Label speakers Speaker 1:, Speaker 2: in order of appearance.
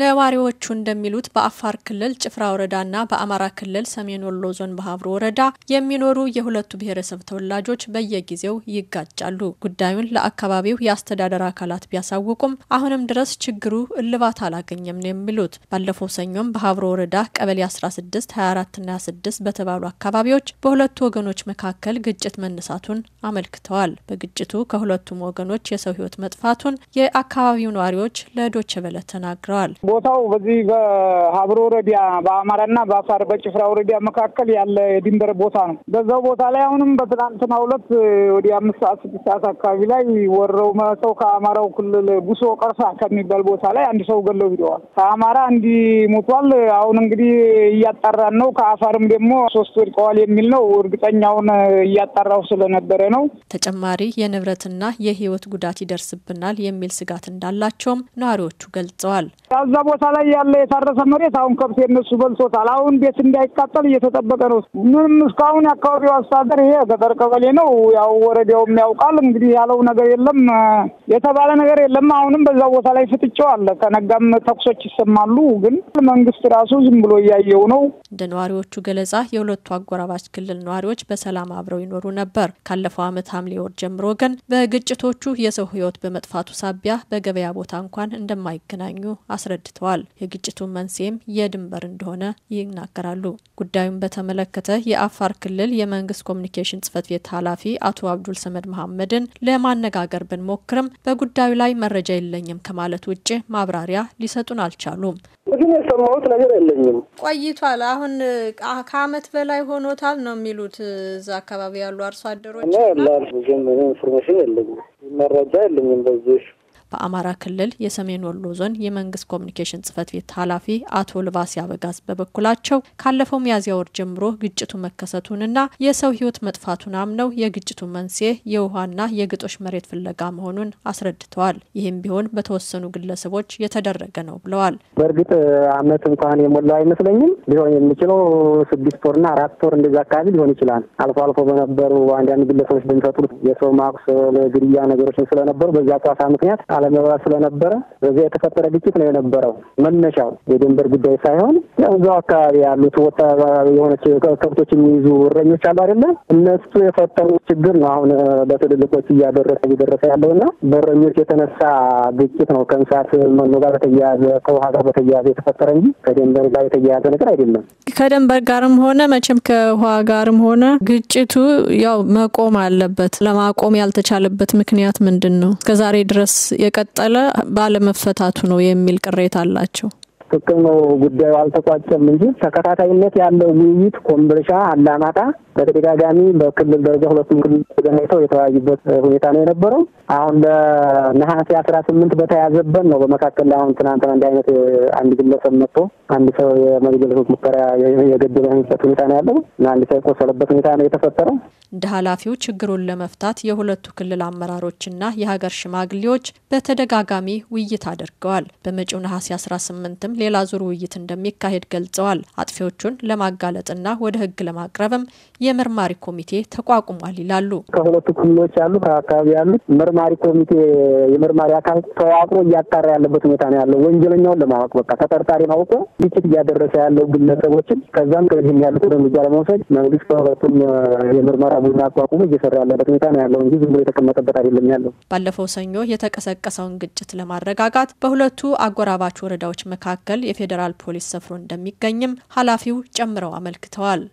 Speaker 1: ነዋሪዎቹ እንደሚሉት በአፋር ክልል ጭፍራ ወረዳና በአማራ ክልል ሰሜን ወሎ ዞን በሀብሮ ወረዳ የሚኖሩ የሁለቱ ብሔረሰብ ተወላጆች በየጊዜው ይጋጫሉ። ጉዳዩን ለአካባቢው የአስተዳደር አካላት ቢያሳውቁም አሁንም ድረስ ችግሩ እልባት አላገኘም ነው የሚሉት። ባለፈው ሰኞም በሀብሮ ወረዳ ቀበሌ 16፣ 24ና 26 በተባሉ አካባቢዎች በሁለቱ ወገኖች መካከል ግጭት መነሳቱን አመልክተዋል። በግጭቱ ከሁለቱም ወገኖች የሰው ህይወት መጥፋቱን የአካባቢው ነዋሪዎች ለዶቸ ቬለ ተናግረዋል።
Speaker 2: ቦታው በዚህ በሀብሮ ወረዳ በአማራና በአፋር በጭፍራ ወረዳ መካከል ያለ የድንበር ቦታ ነው። በዛው ቦታ ላይ አሁንም በትናንትና ሁለት ወደ አምስት ሰዓት ስድስት ሰዓት አካባቢ ላይ ወረው መተው ከአማራው ክልል ጉሶ ቀርሳ ከሚባል ቦታ ላይ አንድ ሰው ገለው ሂደዋል። ከአማራ እንዲ ሞቷል። አሁን እንግዲህ እያጣራን ነው። ከአፋርም ደግሞ ሶስት ወድቀዋል የሚል ነው። እርግጠኛውን እያጣራው ስለነበረ ነው።
Speaker 1: ተጨማሪ የንብረትና የህይወት ጉዳት ይደርስብናል የሚል ስጋት እንዳላቸውም ነዋሪዎቹ ገልጸዋል። እዛ
Speaker 2: ቦታ ላይ ያለ የታረሰ መሬት አሁን ከብት የነሱ በልቶታል። አሁን ቤት እንዳይቃጠል እየተጠበቀ ነው። ምንም እስካሁን የአካባቢው አስተዳደር ይሄ ገጠር ቀበሌ ነው ያው ወረዳውም ያውቃል እንግዲህ ያለው ነገር የለም የተባለ ነገር የለም። አሁንም በዛ ቦታ ላይ ፍጥጫው አለ። ከነጋም ተኩሶች ይሰማሉ። ግን መንግስት ራሱ ዝም ብሎ እያየው ነው።
Speaker 1: እንደ ነዋሪዎቹ ገለጻ የሁለቱ አጎራባች ክልል ነዋሪዎች በሰላም አብረው ይኖሩ ነበር። ካለፈው ዓመት ሐምሌ ወር ጀምሮ ግን በግጭቶቹ የሰው ሕይወት በመጥፋቱ ሳቢያ በገበያ ቦታ እንኳን እንደማይገናኙ አስረድ አስረድተዋል። የግጭቱ መንስኤም የድንበር እንደሆነ ይናገራሉ። ጉዳዩን በተመለከተ የአፋር ክልል የመንግስት ኮሚኒኬሽን ጽህፈት ቤት ኃላፊ አቶ አብዱል ሰመድ መሐመድን ለማነጋገር ብንሞክርም በጉዳዩ ላይ መረጃ የለኝም ከማለት ውጭ ማብራሪያ ሊሰጡን አልቻሉም። ግን የሰማሁት ነገር የለኝም። ቆይቷል። አሁን ከአመት በላይ ሆኖታል ነው የሚሉት እዛ አካባቢ ያሉ አርሶ አደሮች።
Speaker 3: ኢንፎርሜሽን የለኝም፣ መረጃ የለኝም
Speaker 1: በዚህ በአማራ ክልል የሰሜን ወሎ ዞን የመንግስት ኮሚኒኬሽን ጽህፈት ቤት ኃላፊ አቶ ልባስ ያበጋዝ በበኩላቸው ካለፈው ሚያዝያ ወር ጀምሮ ግጭቱ መከሰቱንና የሰው ህይወት መጥፋቱን አምነው የግጭቱ መንስኤ የውሃና የግጦሽ መሬት ፍለጋ መሆኑን አስረድተዋል። ይህም ቢሆን በተወሰኑ ግለሰቦች የተደረገ ነው ብለዋል።
Speaker 3: በእርግጥ አመት እንኳን የሞላው አይመስለኝም። ሊሆን የሚችለው ስድስት ወርና አራት ወር እንደዚ አካባቢ ሊሆን ይችላል። አልፎ አልፎ በነበሩ አንዳንድ ግለሰቦች በሚፈጥሩት የሰው ማቁሰል፣ ግድያ ነገሮችን ስለነበሩ በዚያ ጨዋታ ምክንያት አለመግባት ስለነበረ በዚያ የተፈጠረ ግጭት ነው የነበረው። መነሻው የድንበር ጉዳይ ሳይሆን ያው እዛው አካባቢ ያሉት ወታ የሆነች ከብቶች የሚይዙ እረኞች አሉ አይደለ? እነሱ የፈጠሩ ችግር ነው አሁን በትልልቆች እያደረሰ እየደረሰ ያለው በእረኞች የተነሳ ግጭት ነው ከእንስሳት መኖ ጋር በተያያዘ ከውሃ ጋር በተያያዘ የተፈጠረ እንጂ ከድንበር ጋር የተያያዘ ነገር አይደለም።
Speaker 1: ከድንበር ጋርም ሆነ መቼም ከውሃ ጋርም ሆነ ግጭቱ ያው መቆም አለበት። ለማቆም ያልተቻለበት ምክንያት ምንድን ነው? እስከዛሬ ድረስ የቀጠለ ባለመፈታቱ ነው የሚል ቅሬታ አላቸው።
Speaker 3: ትክክል ነው። ጉዳዩ አልተቋጨም እንጂ ተከታታይነት ያለው ውይይት ኮምቦልቻ፣ አላማጣ በተደጋጋሚ በክልል ደረጃ ሁለቱም ክልል ተገናኝተው የተወያዩበት ሁኔታ ነው የነበረው። አሁን ለነሐሴ አስራ ስምንት በተያዘበን ነው። በመካከል ላይ አሁን ትናንትና እንደ አይነት አንድ ግለሰብ መጥቶ አንድ ሰው የመግደል ሙከራ የገደለ ሁኔታ ነው ያለው እና አንድ ሰው የቆሰለበት ሁኔታ ነው የተፈጠረው።
Speaker 1: እንደ ኃላፊው ችግሩን ለመፍታት የሁለቱ ክልል አመራሮችና የሀገር ሽማግሌዎች በተደጋጋሚ ውይይት አድርገዋል። በመጪው ነሐሴ አስራ ስምንትም ሌላ ዙር ውይይት እንደሚካሄድ ገልጸዋል። አጥፊዎቹን ለማጋለጥና ወደ ህግ ለማቅረብም የመርማሪ ኮሚቴ ተቋቁሟል ይላሉ።
Speaker 3: ከሁለቱ ክልሎች ያሉ አካባቢ ያሉ መርማሪ ኮሚቴ የመርማሪ አካል ተዋቅሮ እያጣራ ያለበት ሁኔታ ነው ያለው። ወንጀለኛውን ለማወቅ በቃ ተጠርጣሪ ማውቆ ግጭት እያደረሰ ያለው ግለሰቦችን ከዛም ከዚህም ያሉት እርምጃ ለመውሰድ መንግስት ከሁለቱም የምርመራ ቡድን አቋቁሞ እየሰራ ያለበት ሁኔታ ነው ያለው እንጂ ዝም ብሎ የተቀመጠበት አይደለም ያለው።
Speaker 1: ባለፈው ሰኞ የተቀሰቀሰውን ግጭት ለማረጋጋት በሁለቱ አጎራባች ወረዳዎች መካከል መካከል የፌዴራል ፖሊስ ሰፍሮ እንደሚገኝም ኃላፊው ጨምረው አመልክተዋል።